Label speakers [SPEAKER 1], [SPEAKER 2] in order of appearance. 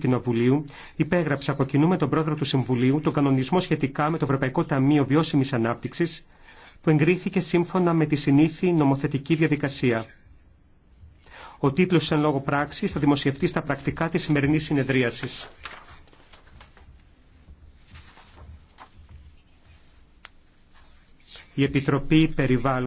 [SPEAKER 1] Κοινοβουλίου υπέγραψε από κοινού με τον πρόεδρο του Συμβουλίου τον κανονισμό σχετικά με το Ευρωπαϊκό Ταμείο Βιώσιμη Ανάπτυξη, που εγκρίθηκε σύμφωνα με τη συνήθη νομοθετική διαδικασία. Ο τίτλος εν λόγω πράξη θα δημοσιευτεί στα πρακτικά της σημερινή συνεδρίασης.
[SPEAKER 2] Η Επιτροπή Περιβάλλον